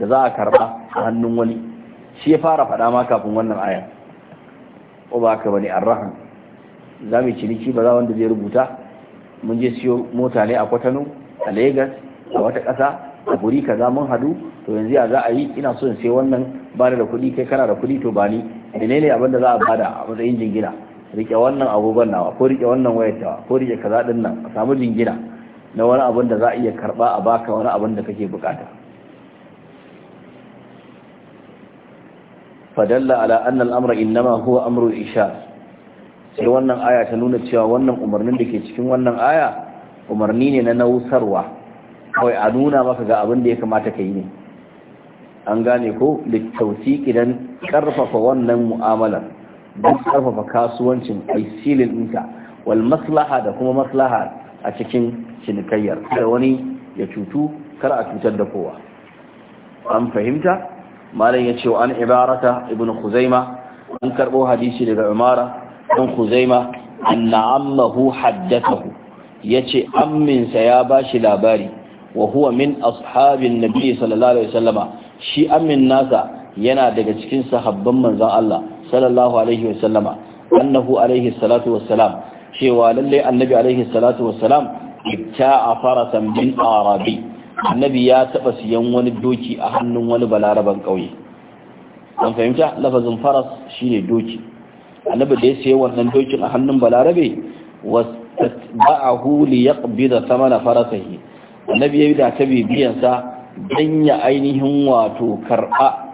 da za a karba a hannun wani shi ya fara faɗa ma kafin wannan aya ko ba ka bane arrahan za mu yi ciniki ba za wanda zai rubuta mun je siyo mota ne a kwatano a lagos a wata ƙasa a guri kaza mun hadu to yanzu ya za a yi ina son in sai wannan ba da kuɗi kai kana da kuɗi to ba ni menene abin da za a bada a matsayin jingina rike wannan agogon nawa ko rike wannan wayar tawa ko rike kaza din nan a samu jingina na wani abin da za a iya karba a baka wani abin da kake bukata fadalla ala anna al-amra innama huwa amru ishar sai wannan aya ta nuna cewa wannan umarnin da ke cikin wannan aya umarni ne na nausarwa kawai a nuna maka ga abin da ya kamata ka yi ne an gane ko kyauti idan karfafa wannan mu'amalar don karfafa kasuwancin silin ɗinka wal maslaha da kuma maslaha a cikin cinikayyar kada wani ya cutu kar a cutar da kowa an fahimta malam ya ce wa an ibarata ibn khuzaima an karɓo hadisi daga umara ɗan kuzaima anna ammahu haddathahu yace amminsa ya bashi labari wa huwa min ashabin nabi sallallahu alaihi wasallama shi ammin nasa yana daga cikin sahabban manzon Allah sallallahu alaihi wasallama annahu alaihi salatu wassalam cewa lalle annabi alaihi salatu wassalam ibta'a farasan min arabi annabi ya taba siyan wani doki a hannun wani balaraban kauye an fahimta lafazin faras shine doki annabi da ya sayi wannan dokin a hannun balarabe wastatba'ahu li yaqbida thamana farasihi annabi ya bida ta bibiyan sa dan ya ainihin wato karba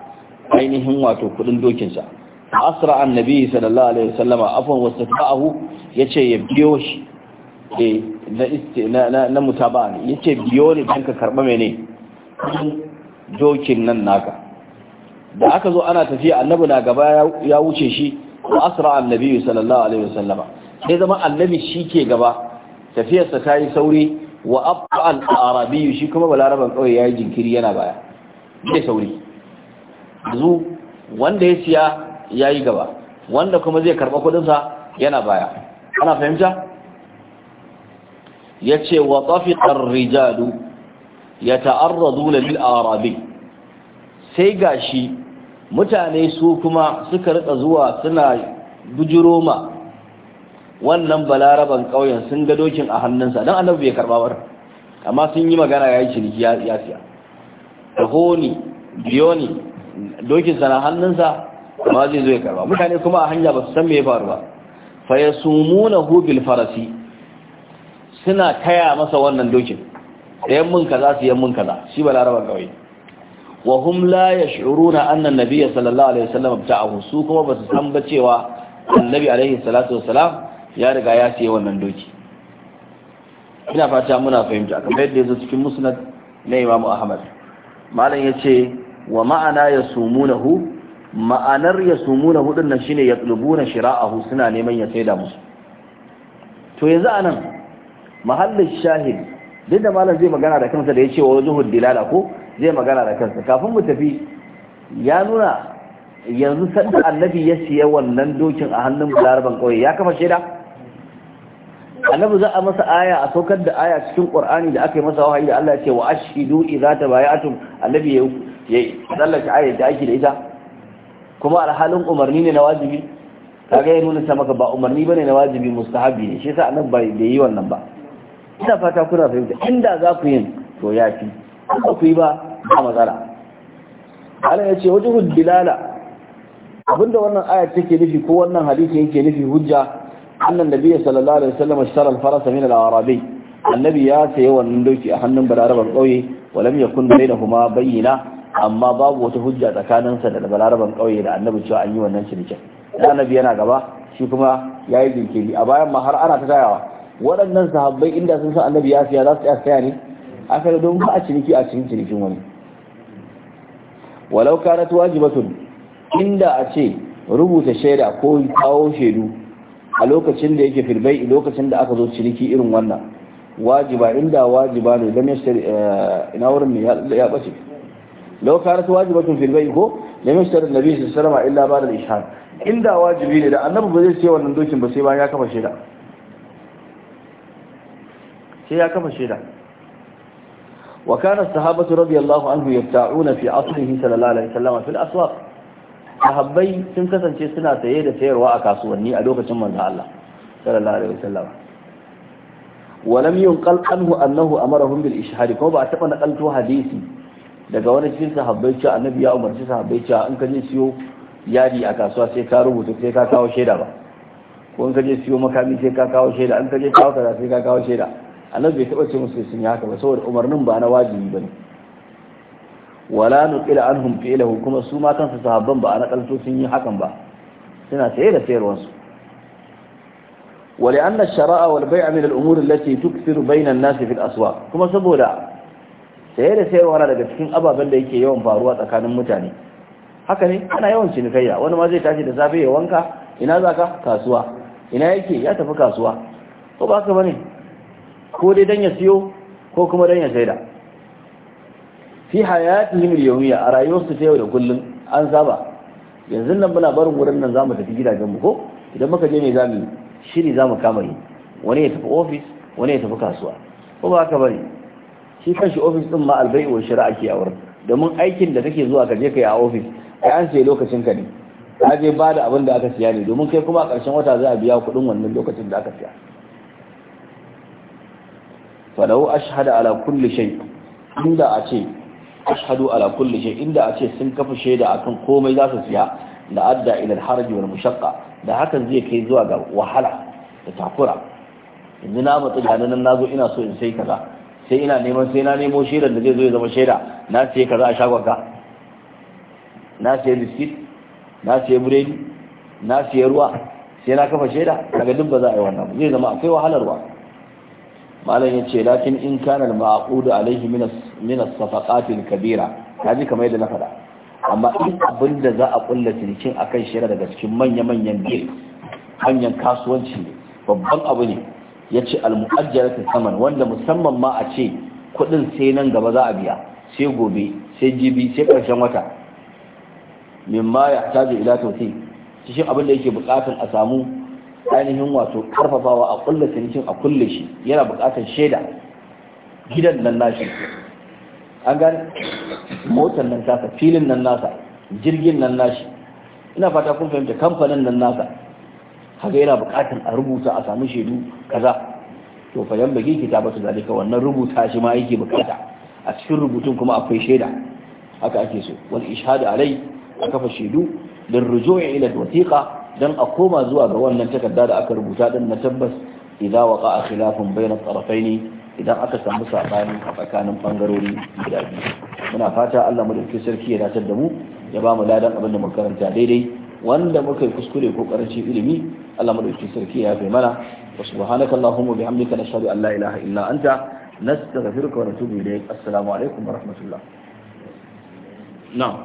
ainihin wato kudin dokin sa asra annabi sallallahu alaihi wasallama afwan wastatba'ahu yace ya biyo shi eh na isti na na, na ne yace biyo ne dan ka karba mene dokin nan naka da aka zo ana tafiya annabi na gaba ya wuce shi wa asra annabi sallallahu alaihi wasallama sai zama annabi shi ke gaba tafiyarsa ta yi sauri wa abqa al-arabi shi kuma balaraban kawai yayi jinkiri yana baya bai sauri yanzu wanda ya siya yayi gaba wanda kuma zai karba kudin sa yana baya ana fahimta yace wa tafiqa ar-rijalu yata'arradu lil arabi sai gashi mutane su kuma suka rika zuwa suna bujiro ma wannan balaraban ƙauyen sun ga dokin a hannunsa don annabi bai karɓa ba amma sun yi magana ya yi ciniki ya siya tahoni biyoni dokin na hannunsa amma zai zo ya karɓa mutane kuma a hanya ba su san me ya faru ba faya sumuna hubil farasi suna taya masa wannan dokin ɗayan mun kaza su yan mun kaza shi balaraban ƙauye wa hum la yash'uruna anna an-nabiy sallallahu alaihi wasallam ta'ahu su kuma basu san ba cewa annabi alaihi salatu wassalam ya riga ya ce wannan doki ina fata muna fahimta kamar yadda yazo cikin musnad na Imam Ahmad malam yace wa ma'ana yasumunahu ma'anar yasumunahu din nan shine yatlubuna shira'ahu suna neman ya saida musu to yanzu anan mahallin shahid duk da malam zai magana da kansa da yace wa wajhud dilala ko zai magana da kansa kafin mu tafi ya nuna yanzu sanda annabi ya siya wannan dokin a hannun laraban kawai ya kafa shaida annabi za a masa aya a saukar da aya cikin qur'ani da aka yi masa wahayi da Allah ya ce wa ta baya atum annabi ya yi tsallaka aya da ake da ita kuma alhalin umarni ne na wajibi kaga ya nuna ta maka ba umarni ba ne na wajibi mustahabi ne shi yasa annabi bai yi wannan ba ina fata kuna fahimta inda za ku yin to ya fi ba ku yi ba ba matsala Allah ya ce wajen dilala abinda wannan ayat take nufi ko wannan hadisi yake nufi hujja annan nabi sallallahu alaihi wasallam ashtara al-farasa min al-arabi annabi ya sayi wannan doki a hannun balaraban kauye walam yakun bainahuma bayyina amma babu wata hujja tsakaninsa da balaraban kauye da annabi cewa an yi wannan cinikin annabi yana gaba shi kuma yayi jinkiri a bayan ma har ana ta tayawa waɗannan sahabbai inda sun san annabi ya sayi za su iya saya ne aka don ba a ciniki a cikin cinikin wani walau kanat wajibatun inda a ce rubuta shaida ko kawo shaidu a lokacin da yake filbai lokacin da aka zo ciniki irin wannan wajiba inda wajiba ne lam yashtari eh, ina wurin ne ya bace law kanat wajibatun filbai ko da yashtari annabi sallallahu alaihi wasallam illa ba da ishhad inda wajibi ne da annabi ba zai ce wannan dokin ba sai bayan ya kafa shaida sai ya kafa shaida وكان الصحابة رضي الله عنه يبتاعون في عصره صلى الله عليه وسلم في الأسواق sun kasance suna saye da sayarwa a kasuwanni a lokacin manzo Allah sallallahu alaihi wasallam walam yunqal anhu annahu amarahum bil ishhad ko ba a taba nakalto hadisi daga wani cikin sahabbai cewa annabi ya umarci sahabbai cewa in ka je siyo yadi a kasuwa sai ka rubuta sai ka kawo shaida ba ko in ka je siyo makami sai ka kawo shaida in ka je kawo kaza sai ka kawo shaida annabi bai taba ce musu sun yi haka ba saboda umarnin ba na wajibi ba ne wala nuqila anhum fi'lahu kuma su ma kansu sahabban ba a nakalto sun yi hakan ba suna saye da bay'a min al-umuri allati tukthiru bayna تكثر بين fi al الأسواق kuma saboda سيرة da وانا daga cikin ababen da yake yawan faruwa tsakanin mutane haka ne ana yawan cinikayya wani ma zai tashi da safe ya wanka ina zaka kasuwa ina yake ya tafi kasuwa Ko ba ka bane ko dai dan ya siyo ko kuma dan ya saida fi hayati yi miliyoyi a rayuwarsu ta yau da kullum an saba yanzu nan muna barin wurin nan zamu tafi gidajen mu ko idan muka je ne zamu shiri zamu kama yi wani ya tafi ofis wani ya tafi kasuwa ko ba haka bane shi kanshi ofis din ma albai wa shira ake a wurin domin aikin da kake zuwa ka je kai a ofis kai an sai lokacin ka ne ka je ba da abin da aka siya ne domin kai kuma a ƙarshen wata za a biya kuɗin wannan lokacin da aka siya falau ashhadu ala kulli shay inda a ce ashhadu ala kulli shay inda a ce sun kafa shaida akan komai za su siya da adda ila al-haraj wal mushaqqa da hakan zai kai zuwa ga wahala da takura inda na matsa da nan nazo ina so in sai kaza sai ina neman sai na nemo shaidar da zai zo ya zama shaida na sai kaza a shagon ka na sai biskit na sai buredi na sai ruwa sai na kafa shaida daga duk ba za a yi wannan zai zama akwai wahalarwa malam ya ce lakin in kanar ma'aƙudu alaihi minas safaƙatin kabira ta ji kamar yadda na faɗa amma in abin da za a ƙulla cinikin a kan shi daga cikin manya-manyan bil hanyar kasuwanci ne babban abu ne ya ce almu'ajjar ta saman wanda musamman ma a ce kuɗin sai nan gaba za a biya sai gobe sai jibi sai ƙarshen wata min ma ya ji ila tausayi cikin abin da yake buƙatar a samu ainihin wato karfafawa a kulle cinikin a kulle shi yana bukatar shaida gidan nan nashi an gani motar nan nasa, filin nan nasa jirgin nan nashi ina fata kun fahimta kamfanin nan nasa haka yana bukatar a rubuta a samu shaidu kaza to fa yan bagi kitaba su zalika wannan rubuta shi ma yake bukata a cikin rubutun kuma akwai shaida haka ake so wal ishadu alai a kafa shaidu lirruju'i ila alwathiqa dan a koma zuwa ga wannan takarda da aka rubuta din na tabbas a waqa khilafun karafai ne idan aka samu sabani a tsakanin bangarori guda biyu muna fata Allah dauki sarki ya datar da mu ya ba mu ladan abin da muka karanta daidai wanda muka yi kuskure ko karanci ilimi Allah dauki sarki ya yafe mana wa subhanaka allahumma bihamdika nashhadu an la ilaha illa anta nastaghfiruka wa natubu ilayk assalamu alaikum wa rahmatullah na'am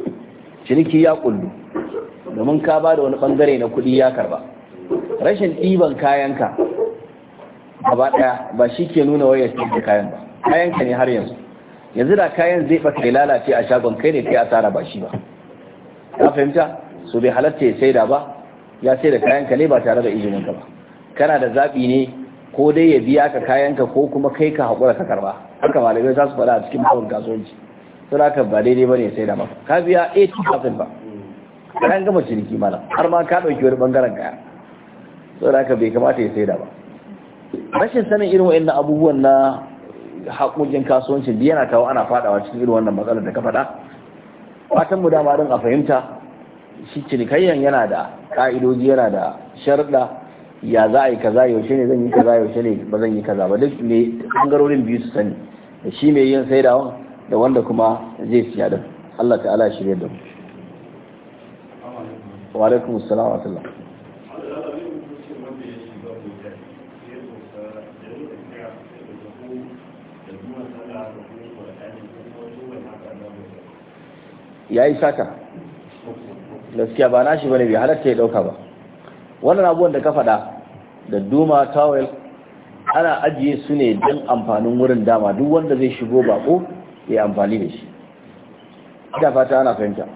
ciniki ya kullu domin ka ba da wani bangare na kuɗi ya karba rashin ɗiban kayanka gaba ɗaya ba shi ke nuna wayar da kayan ba kayanka ne har yanzu yanzu da kayan zai baka ya lalace a shagon kai ne kai asara ba shi ba ka fahimta su bai halatta ya da ba ya da kayanka ne ba tare da ka ba kana da zaɓi ne ko dai ya biya ka kayanka ko kuma kai ka haƙura ka karba haka malamai za su faɗa a cikin bawon kasuwanci suraka ba daidai ba ne sai da maka ka biya eh, kafin ba kan gama ciniki mana har ma ka ɗauki wani ɓangaren kaya suraka bai kamata ya sai da ba rashin sanin irin wa'annan abubuwan na hakokin kasuwanci da yana kawo ana faɗawa cikin irin wannan matsalar da ka faɗa fatan mu dama don a fahimta shi cinikayyan yana da ƙa'idoji yana da sharɗa ya za a yi kaza yaushe ne zan yi kaza yaushe ne ba zan yi kaza ba duk ne ɓangarorin biyu su sani da shi mai yin saidawan da wanda kuma zai siya da Allah ta'ala shirya da mu ya yi saka gaskiya ba nashi bane bai halatta ya dauka ba wannan abubuwan da ka faɗa da duma towel ana ajiye su ne don amfanin wurin dama duk wanda zai shigo bako ya amfani da shi ita fata ana fahimta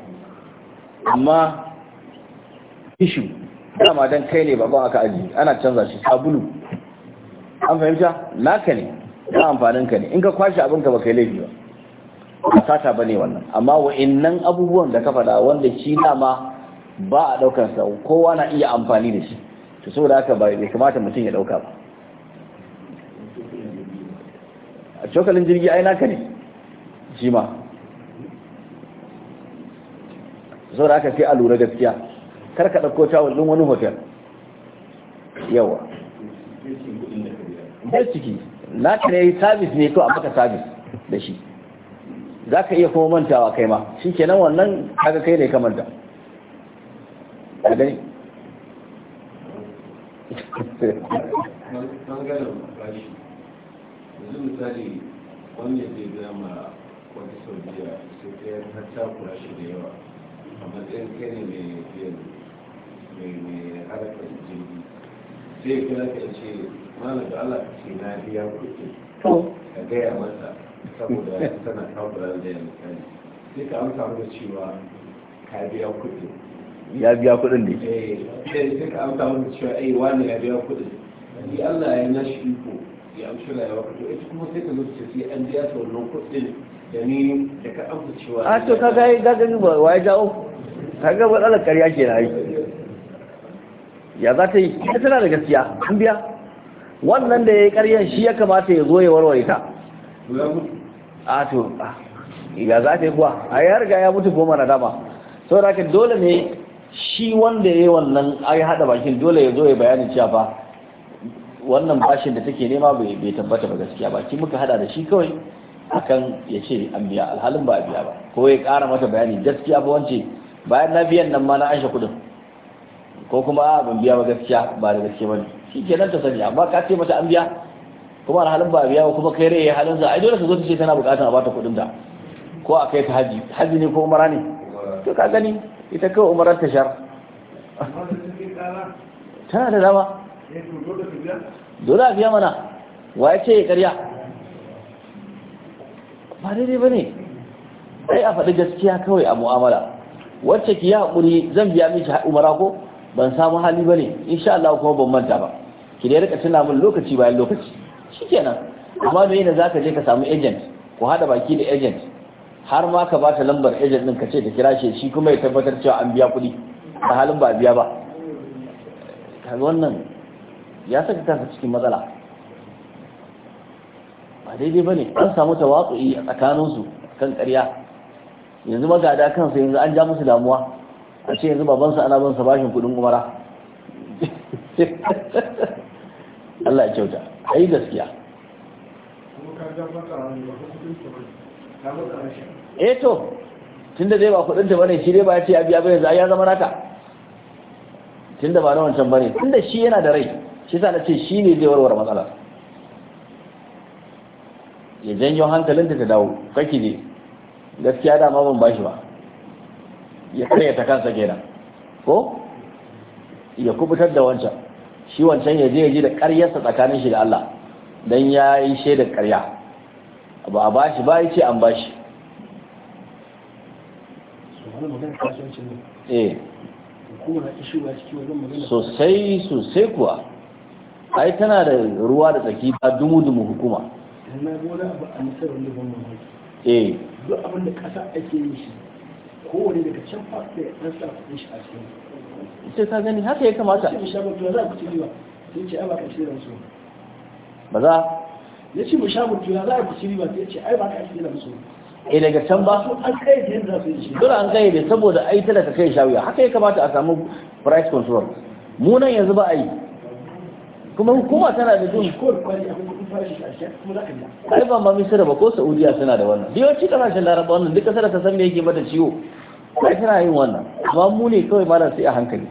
amma tishu dama don kai ne babban aka aji ana canza shi sabulu an fahimta naka ne amfanin ka ne in ka kwashe abinka ba kai laifi ba a sata ba ne wannan amma wa'innan abubuwan da ka fada wanda shi dama ba a ɗaukarsa kowa na iya amfani da shi to da haka ba bai kamata mutum ya ɗauka ba a cokalin jirgi ai naka ne shi ma sau da aka sai a lura gaskiya kar ka ɗauko tawul ɗin wani hotel yawa bai ciki na kare ne sabis ne to a maka sabis da shi za ka iya kuma mantawa kai ma shi kenan wannan kaga kai ne ka manta a misali wani ya zai gama Wani sau saudiya sai kayan hatta kura shi da yawa a matsayin kai ne mai biyan mai harkar jirgi sai kira ka ce mana da allah ka ce na biya kuɗi ka gaya masa saboda tana kaburar da yanzu sai ka amsa masa cewa ka biya kuɗi ya biya kuɗin ne eh, sai ka amsa masa cewa ai wani ya biya kuɗin ni allah ya yi nashi iko ya amshi rayuwa kuɗi ita kuma sai ka zo ta ce an biya ta wannan kuɗin da a to ka ga ga jawo ka ga ba dalar ke na yi ya za ta yi ita tana da gaskiya an biya wannan da ya yi karyar shi ya kamata ya zo ya warware ta a to ya za ta yi kuwa a yi harga ya mutu goma na dama sau da dole ne shi wanda ya yi wannan a yi haɗa bakin dole ya zo ya bayanin cewa ba wannan bashin da take nema bai tabbata ba gaskiya ba ki muka hada da shi kawai akan ya ce an biya alhalin ba a biya ba ko ya ƙara mata bayani gaskiya ba wance bayan na biyan nan ma na ansha kuɗin ko kuma a ban biya ba gaskiya ba da gaske ba ne shi ke nan ta sani amma ka ce mata an biya kuma alhalin ba a biya ba kuma kai rai halin za a dole ka zo ta ce tana buƙatar a bata kuɗin ta ko a kai ta haji haji ne ko umara ne to ka gani ita kawai umarar ta shar tana da dama dole a biya mana wa ya ce ya karya ba daidai ba ne sai a faɗi gaskiya kawai a mu'amala wacce ki yi haƙuri zan biya miki umara ko ban samu hali ba ne insha Allah kuma ban manta ba ki dai rika tuna min lokaci bayan lokaci shikenan amma me yana zaka je ka samu agent ku haɗa baki da ejent? har ma ka bata lambar ejent din ka ce ta kira shi shi kuma ya tabbatar cewa an biya kuɗi a halin ba a biya ba kaga wannan ya saka kanka cikin matsala ba daidai ba ne an samu tawatsu'i a tsakaninsu kan ƙarya yanzu magada kansa yanzu an ja musu damuwa a ce yanzu babansa ana bansa bashin kuɗin umara Allah ya kyauta a yi gaskiya eh to tun da dai ba kuɗinta bane shi dai ba ya ce ya biya bai yanzu ya zama naka tun da ba na wancan bane tun da shi yana da rai shi sa na ce shi ne zai warware matsalar ya janyo hankalinta ta dawo kake ne gaskiya ma ban bashi ba ya kare ta kansa kenan ko ya kubutar da wancan shi wancan ya je ya ji da karyarsa tsakanin shi da Allah dan ya yi shaidar karya ba a bashi ba ya ce an bashi eh sosai sosai kuwa ai tana da ruwa da tsaki ba dumu-dumu hukuma na gona abu a misar wanda ban mamaki eh duk abin da ƙasa ake yi shi kowane daga can fasa ya ɗan sa kuɗin shi a cikin sai ka gani haka ya kamata sai mu sha mutuwa za ku ci riba sai ce ai ba ka ci su ba za ya ce mu sha mutuwa za ku ci riba sai ce ai ba ka ci riba su eh daga can ba an kayyade yadda su yi shi dole an kayyade saboda ai talaka kai shawiya haka ya kamata a samu price control mu nan yanzu ba a yi kuma hukuma tana da jin ai ba ma misira ba ko saudiya suna da wannan biyoci kasashen laraba wannan duk kasar ta san me yake mata ciwo ai tana yin wannan amma mu ne kawai malam sai a hankali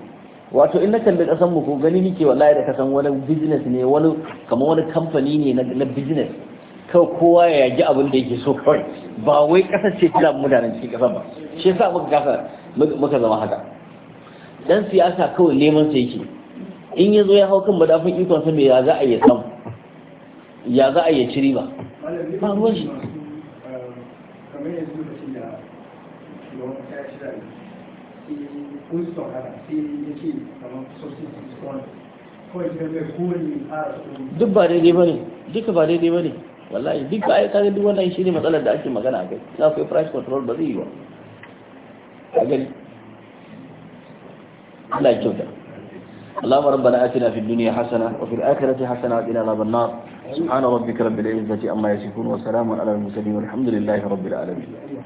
wato in na kalli kasan mu ko gani nike wallahi da kasan wani business ne wani kamar wani kamfani ne na business kawai kowa ya yaji abin da yake so kawai ba wai kasar ce tana mutanen cikin kasar ba shi yasa muka kasa muka zama haka dan siyasa kawai neman sai yake in ya zo ya hau kan madafin ikon sa mai ya za a yi samu ya za a yi ciri ba ba ruwan shi duk ba daidai ba ne duka ba daidai ba ne wallahi duka ai kare duk wannan ne matsalar da ake magana a kai na kai price control ba zai yi ba a gani Allah ya kyauta اللهم ربنا آتنا في الدنيا حسنة وفي الآخرة حسنة وقنا عذاب النار سبحان ربك رب العزة عما يصفون وسلام على المرسلين والحمد لله رب العالمين